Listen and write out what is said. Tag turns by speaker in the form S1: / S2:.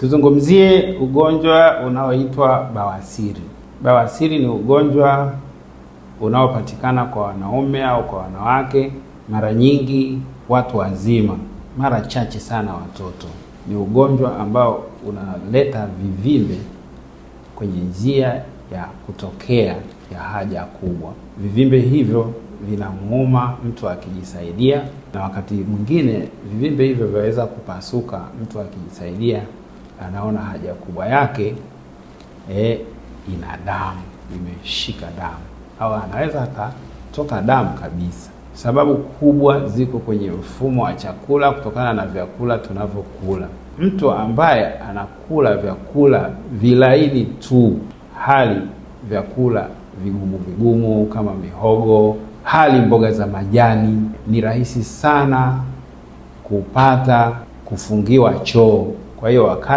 S1: Tuzungumzie ugonjwa unaoitwa bawasiri. Bawasiri ni ugonjwa unaopatikana kwa wanaume au kwa wanawake, mara nyingi watu wazima, mara chache sana watoto. Ni ugonjwa ambao unaleta vivimbe kwenye njia ya kutokea ya haja kubwa. Vivimbe hivyo vinamuuma mtu akijisaidia, na wakati mwingine vivimbe hivyo vyaweza kupasuka mtu akijisaidia anaona haja kubwa yake e, ina damu imeshika damu, au anaweza akatoka damu kabisa. Sababu kubwa ziko kwenye mfumo wa chakula kutokana na vyakula tunavyokula. Mtu ambaye anakula vyakula vilaini tu, hali vyakula vigumu vigumu kama mihogo, hali mboga za majani, ni rahisi sana kupata kufungiwa choo. Kwa hiyo wakati